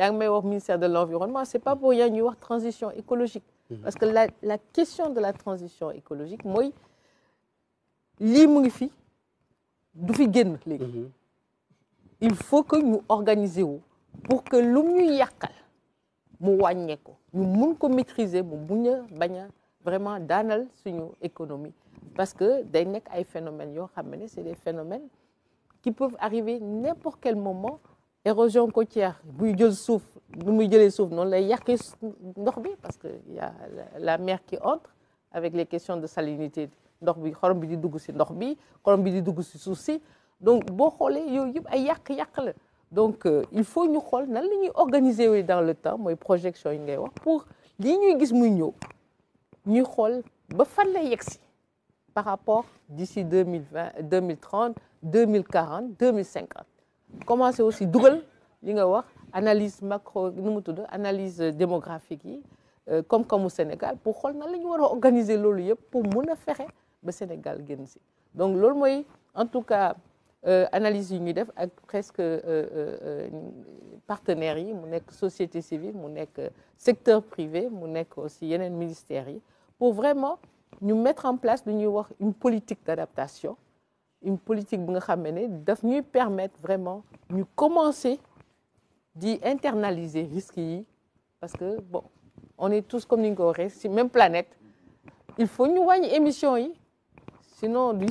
Il may wax ministère de l'environnement c'est pas pour rien avoir une transition écologique mhm. parce que la question de la transition écologique moi, lii mu mhm. il faut que nous organisions pour que lu ñu mu ñu maîtriser nous vraiment dans suñu économie parce que day phénomènes c'est des phénomènes qui peuvent arriver n'importe quel moment érosion côtière buy jël suuf bu muy jëlee non, noonu lay yàqi ndox bi parce que y a la mer qui entre avec les questions de salinité ndox bi xorom bi di dugg si ndox bi xorom bi di dugg donc boo xoolee yooyu yëpp ay yak yak la donc euh, il faut ñu xool nan la ñuy organiser dans le temps moi projection yi ngay wax pour lii ñuy gis muy ñëw ñuy xool ba fan lay si par rapport d'ici 2020, 2030, 2040, 2050 commencé aussi Google, li analyse macro nu analyse démographique euh, comme comme au Sénégal pour voir organiser loolu pour mon affaire, Sénégal gagne. donc loolu en tout cas euh, analyse yi l'UNIDEF def presque euh, partenaires yi mu société civile mu secteur privé mu aussi ministère, pour vraiment nous mettre en place une politique d'adaptation une politique qui nous permettre vraiment de commencer à internaliser risques parce que bon on est tous comme ni c'est même planète il faut une voir émission yi sinon nous.